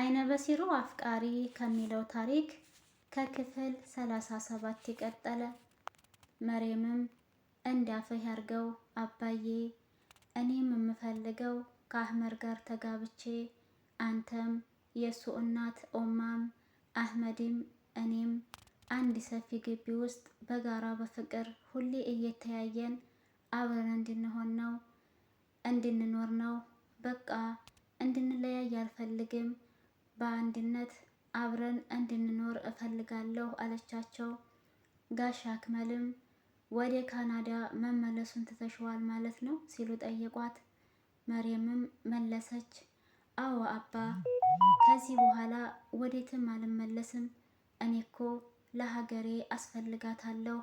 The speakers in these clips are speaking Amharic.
አይነ በሲሩ አፍቃሪ ከሚለው ታሪክ ከክፍል 37 ሰባት የቀጠለ። መሬምም እንዳፍህ ያርገው አባዬ፣ እኔም የምፈልገው ከአህመድ ጋር ተጋብቼ አንተም የእሱ እናት ኦማም አህመድም እኔም አንድ ሰፊ ግቢ ውስጥ በጋራ በፍቅር ሁሌ እየተያየን አብረን እንድንሆን ነው እንድንኖር ነው። በቃ እንድንለያይ አልፈልግም። በአንድነት አብረን እንድንኖር እፈልጋለሁ አለቻቸው። ጋሽ አክመልም ወደ ካናዳ መመለሱን ትተሽዋል ማለት ነው ሲሉ ጠየቋት። መሬምም መለሰች፣ አዎ አባ፣ ከዚህ በኋላ ወዴትም አልመለስም። እኔ እኮ ለሀገሬ አስፈልጋታለሁ።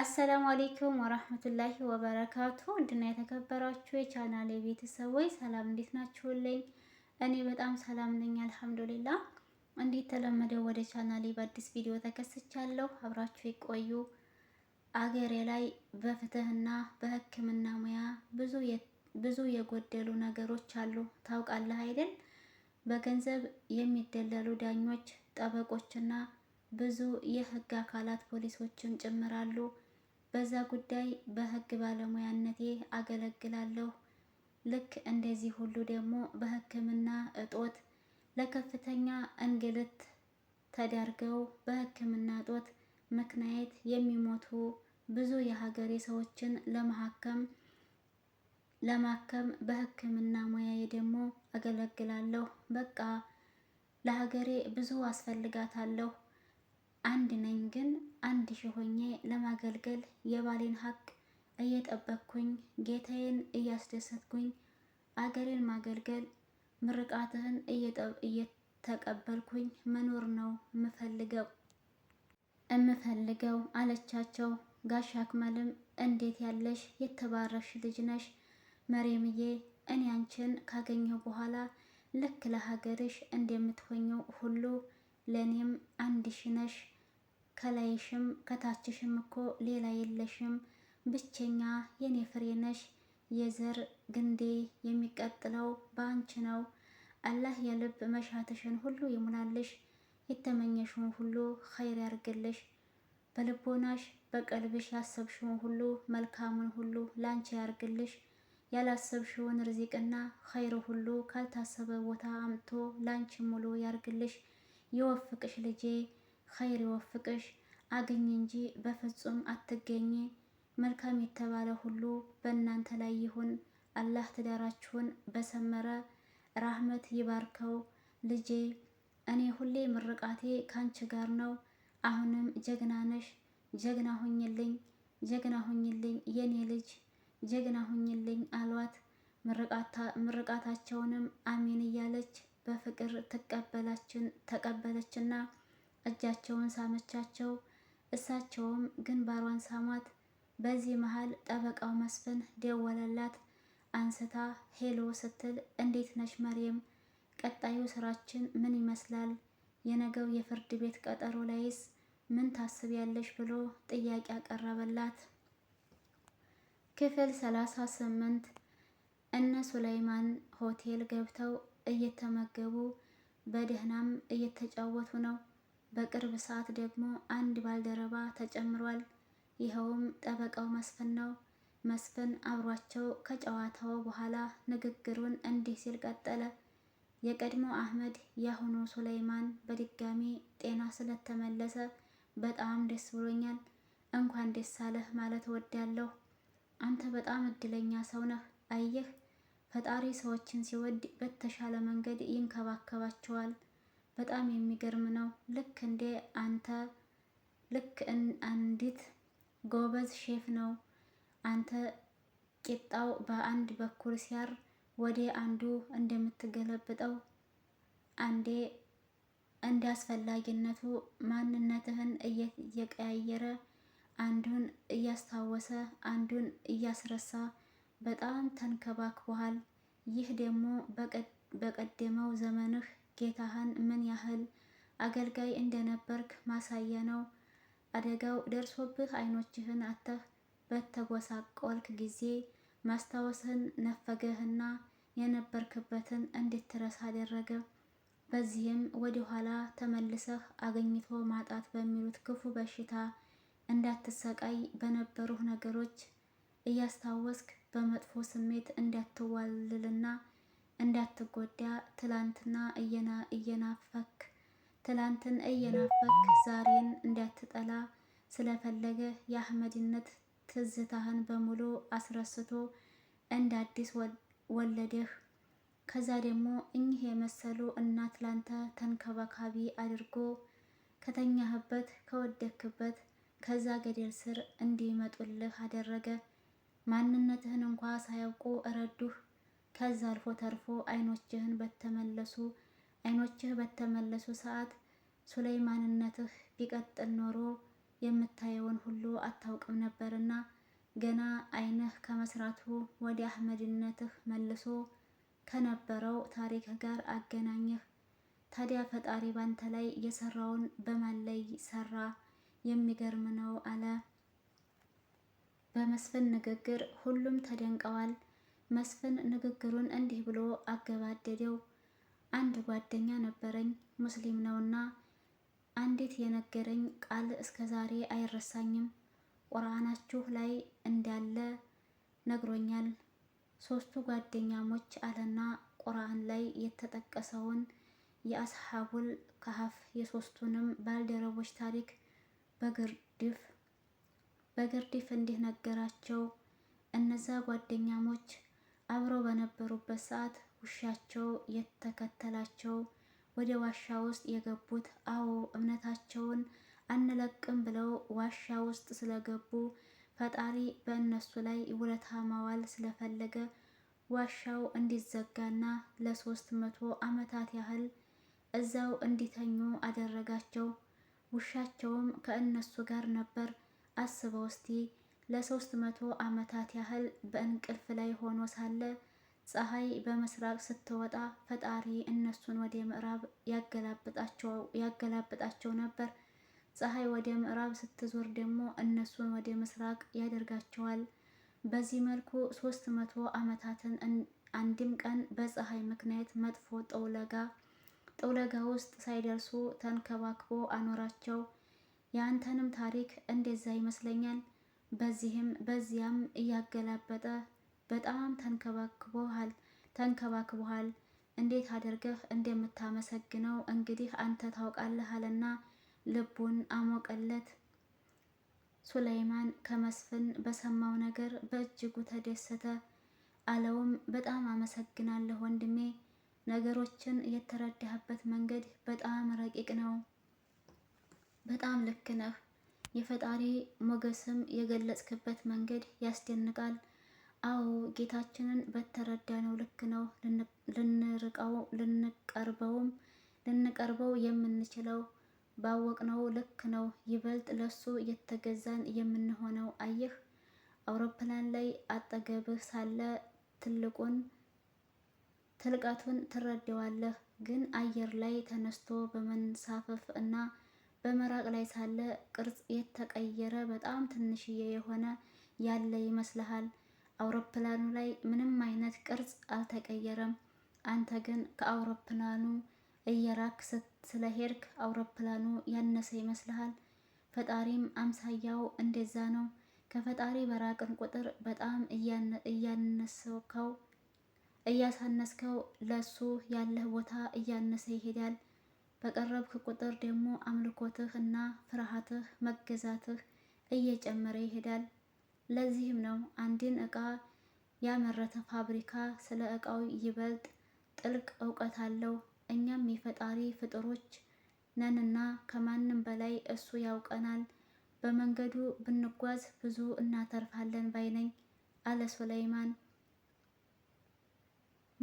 አሰላሙ አሌይኩም ወራህመቱላሂ ወበረካቱ። እንድና የተከበራችሁ የቻናሌ ቤተሰቦች ሰላም፣ እንዴት ናችሁልኝ? እኔ በጣም ሰላም ነኝ አልሐምዱሊላ። እንዴት ተለመደው ወደ ቻናሌ በአዲስ ቪዲዮ ተከስቻለሁ። አብራችሁ የቆዩ አገሬ ላይ በፍትህና በሕክምና ሙያ ብዙ የጎደሉ ነገሮች አሉ። ታውቃለህ አይደል? በገንዘብ የሚደለሉ ዳኞች፣ ጠበቆችና ብዙ የህግ አካላት ፖሊሶችን ጭምራሉ። በዛ ጉዳይ በህግ ባለሙያነቴ አገለግላለሁ። ልክ እንደዚህ ሁሉ ደግሞ በሕክምና እጦት ለከፍተኛ እንግልት ተዳርገው በሕክምና እጦት ምክንያት የሚሞቱ ብዙ የሀገሬ ሰዎችን ለማከም ለማከም በሕክምና ሙያዬ ደግሞ አገለግላለሁ። በቃ ለሀገሬ ብዙ አስፈልጋታለሁ። አንድ ነኝ ግን አንድ ሺህ ሆኜ ለማገልገል የባሌን ሀቅ እየጠበቅኩኝ ጌታዬን እያስደሰትኩኝ አገሬን ማገልገል ምርቃትህን እየተቀበልኩኝ መኖር ነው የምፈልገው እምፈልገው አለቻቸው። ጋሽ አክመልም እንዴት ያለሽ የተባረሽ ልጅ ነሽ መሬምዬ፣ እኔ አንቺን ካገኘሁ በኋላ ልክ ለሀገርሽ እንደምትሆኘው ሁሉ ለእኔም አንድሽ ነሽ። ከላይሽም ከታችሽም እኮ ሌላ የለሽም ብቸኛ የኔ ፍሬ ነሽ፣ የዘር ግንዴ የሚቀጥለው በአንቺ ነው። አላህ የልብ መሻተሽን ሁሉ ይሙላልሽ፣ የተመኘሽውን ሁሉ ኸይር ያርግልሽ። በልቦናሽ በቀልብሽ ያሰብሽውን ሁሉ መልካሙን ሁሉ ላንቺ ያርግልሽ። ያላሰብሽውን ርዚቅና ኸይር ሁሉ ካልታሰበ ቦታ አምጥቶ ላንቺ ሙሉ ያርግልሽ። ይወፍቅሽ ልጄ ኸይር ይወፍቅሽ። አግኝ እንጂ በፍጹም አትገኝ። መልካም የተባለ ሁሉ በእናንተ ላይ ይሁን። አላህ ትዳራችሁን በሰመረ ራህመት ይባርከው። ልጄ እኔ ሁሌ ምርቃቴ ካንቺ ጋር ነው። አሁንም ጀግና ነሽ። ጀግና ሁኝልኝ፣ ጀግና ሁኝልኝ የኔ ልጅ ጀግና ሁኝልኝ አሏት። ምርቃታቸውንም አሜን እያለች በፍቅር ትቀበላችን ተቀበለችና እጃቸውን ሳመቻቸው። እሳቸውም ግንባሯን ሳሟት። በዚህ መሀል ጠበቃው መስፍን ደወለላት። አንስታ ሄሎ ስትል እንዴት ነሽ መሪየም? ቀጣዩ ስራችን ምን ይመስላል? የነገው የፍርድ ቤት ቀጠሮ ላይስ ምን ታስቢያለሽ? ብሎ ጥያቄ አቀረበላት። ክፍል ሰላሳ ስምንት እነ ሱለይማን ሆቴል ገብተው እየተመገቡ በደህናም እየተጫወቱ ነው። በቅርብ ሰዓት ደግሞ አንድ ባልደረባ ተጨምሯል። ይኸውም ጠበቃው መስፍን ነው። መስፍን አብሯቸው ከጨዋታው በኋላ ንግግሩን እንዲህ ሲል ቀጠለ። የቀድሞ አህመድ የአሁኑ ሱለይማን በድጋሚ ጤና ስለተመለሰ በጣም ደስ ብሎኛል። እንኳን ደስ አለህ ማለት እወዳለሁ። አንተ በጣም እድለኛ ሰው ነህ። አየህ ፈጣሪ ሰዎችን ሲወድ በተሻለ መንገድ ይንከባከባቸዋል። በጣም የሚገርም ነው። ልክ እንደ አንተ ልክ አንዲት ጎበዝ ሼፍ ነው። አንተ ቂጣው በአንድ በኩል ሲያር ወደ አንዱ እንደምትገለብጠው አንዴ እንደ አስፈላጊነቱ ማንነትህን እየቀያየረ አንዱን እያስታወሰ አንዱን እያስረሳ በጣም ተንከባክበሃል። ይህ ደግሞ በቀደመው ዘመንህ ጌታህን ምን ያህል አገልጋይ እንደነበርክ ማሳያ ነው። አደጋው ደርሶብህ አይኖችህን አተህ በተጎሳቆልክ ጊዜ ማስታወስህን ነፈገህና የነበርክበትን እንድትረስ አደረገ። በዚህም ወደ ኋላ ተመልሰህ አገኝቶ ማጣት በሚሉት ክፉ በሽታ እንዳትሰቃይ በነበሩህ ነገሮች እያስታወስክ በመጥፎ ስሜት እንዳትዋልልና እንዳትጎዳ ትላንትና እየናፈክ ትላንትን እየናፈክ ዛሬን እንዳትጠላ ስለፈለገ የአህመድነት ትዝታህን በሙሉ አስረስቶ እንደ አዲስ ወለደህ። ከዛ ደግሞ እኚህ የመሰሉ እናት ላንተ ተንከባካቢ አድርጎ ከተኛህበት ከወደክበት ከዛ ገደል ስር እንዲመጡልህ አደረገ። ማንነትህን እንኳ ሳያውቁ እረዱህ። ከዛ አልፎ ተርፎ አይኖችህን በተመለሱ አይኖችህ በተመለሱ ሰዓት ሱለይማንነትህ ቢቀጥል ኖሮ የምታየውን ሁሉ አታውቅም ነበርና ገና አይንህ ከመስራቱ ወደ አህመድነትህ መልሶ ከነበረው ታሪክ ጋር አገናኘህ። ታዲያ ፈጣሪ ባንተ ላይ የሰራውን በማን ላይ ሰራ? የሚገርም ነው አለ። በመስፍን ንግግር ሁሉም ተደንቀዋል። መስፍን ንግግሩን እንዲህ ብሎ አገባደደው። አንድ ጓደኛ ነበረኝ ሙስሊም ነውና አንዲት የነገረኝ ቃል እስከ ዛሬ አይረሳኝም። ቁርአናችሁ ላይ እንዳለ ነግሮኛል። ሶስቱ ጓደኛሞች አለና ቁርአን ላይ የተጠቀሰውን የአስሐቡል ከሀፍ የሶስቱንም ባልደረቦች ታሪክ በግርድፍ በግርድፍ እንዲህ ነገራቸው። እነዛ ጓደኛሞች አብረው በነበሩበት ሰዓት ውሻቸው የተከተላቸው ወደ ዋሻ ውስጥ የገቡት። አዎ እምነታቸውን አንለቅም ብለው ዋሻ ውስጥ ስለገቡ ፈጣሪ በእነሱ ላይ ውለታ ማዋል ስለፈለገ ዋሻው እንዲዘጋና ለሶስት መቶ ዓመታት ያህል እዛው እንዲተኙ አደረጋቸው። ውሻቸውም ከእነሱ ጋር ነበር። አስበው እስቲ ለሶስት መቶ ዓመታት ያህል በእንቅልፍ ላይ ሆኖ ሳለ ፀሐይ በምስራቅ ስትወጣ ፈጣሪ እነሱን ወደ ምዕራብ ያገላብጣቸው ነበር። ፀሐይ ወደ ምዕራብ ስትዞር ደግሞ እነሱን ወደ ምስራቅ ያደርጋቸዋል። በዚህ መልኩ ሶስት መቶ ዓመታትን አንድም ቀን በፀሐይ ምክንያት መጥፎ ጠውለጋ ጠውለጋ ውስጥ ሳይደርሱ ተንከባክቦ አኖራቸው። የአንተንም ታሪክ እንደዛ ይመስለኛል። በዚህም በዚያም እያገላበጠ በጣም ተንከባክቦሃል ተንከባክቦሃል እንዴት አድርገህ እንደምታመሰግነው እንግዲህ አንተ ታውቃለህ አለና ልቡን አሞቀለት። ሱላይማን ከመስፍን በሰማው ነገር በእጅጉ ተደሰተ። አለውም በጣም አመሰግናለሁ ወንድሜ፣ ነገሮችን የተረዳህበት መንገድ በጣም ረቂቅ ነው። በጣም ልክ ነህ። የፈጣሪ ሞገስም የገለጽክበት መንገድ ያስደንቃል። አዎ ጌታችንን በተረዳነው ልክ ነው ልንርቀው ልንቀርበውም ልንቀርበው የምንችለው ባወቅነው ልክ ነው። ይበልጥ ለሱ የተገዛን የምንሆነው። አየህ አውሮፕላን ላይ አጠገብህ ሳለ ትልቁን ትልቀቱን ትረዳዋለህ፣ ግን አየር ላይ ተነስቶ በመንሳፈፍ እና በመራቅ ላይ ሳለ ቅርጽ የተቀየረ በጣም ትንሽዬ የሆነ ያለ ይመስልሃል። አውሮፕላኑ ላይ ምንም አይነት ቅርጽ አልተቀየረም። አንተ ግን ከአውሮፕላኑ እየራክ ስለሄድክ አውሮፕላኑ ያነሰ ይመስልሃል። ፈጣሪም አምሳያው እንደዛ ነው። ከፈጣሪ በራቅን ቁጥር በጣም እያነሰከው እያሳነስከው ለሱ ያለህ ቦታ እያነሰ ይሄዳል። በቀረብክ ቁጥር ደግሞ አምልኮትህ እና ፍርሃትህ መገዛትህ እየጨመረ ይሄዳል። ለዚህም ነው አንድን እቃ ያመረተ ፋብሪካ ስለ እቃው ይበልጥ ጥልቅ እውቀት አለው። እኛም የፈጣሪ ፍጥሮች ነንና ከማንም በላይ እሱ ያውቀናል። በመንገዱ ብንጓዝ ብዙ እናተርፋለን ባይነኝ አለ ሱለይማን።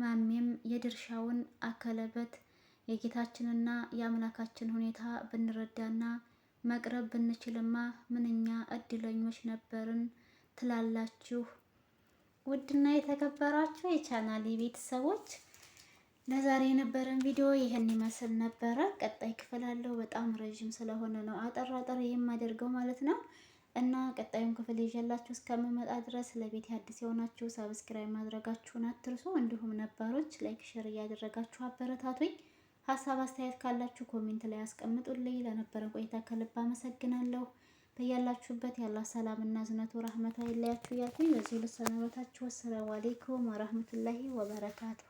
ማሜም የድርሻውን አከለበት። የጌታችንና የአምላካችን ሁኔታ ብንረዳና መቅረብ ብንችልማ ምንኛ እድለኞች ነበርን። ትላላችሁ? ውድና የተከበራችሁ የቻናል ቤተሰቦች ለዛሬ የነበረን ቪዲዮ ይህን ይመስል ነበረ። ቀጣይ ክፍል አለው። በጣም ረዥም ስለሆነ ነው አጠር አጠር የማደርገው ማለት ነው እና ቀጣዩን ክፍል ይዤላችሁ እስከምመጣ ድረስ ለቤት አዲስ የሆናችሁ ሰብስክራይብ ማድረጋችሁን አትርሱ። እንዲሁም ነባሮች ላይክ፣ ሼር እያደረጋችሁ አበረታቱኝ። ሀሳብ አስተያየት ካላችሁ ኮሜንት ላይ አስቀምጡልኝ። ለነበረን ቆይታ ከልብ አመሰግናለሁ። በያላችሁበት ያላ ሰላም እና ዝነቱ ረህመታ ይለያችሁ እያልኩኝ በዚህ ልሰናበታችሁ። ወሰላሙ አሌይኩም ወረህመቱላሂ ወበረካቱ።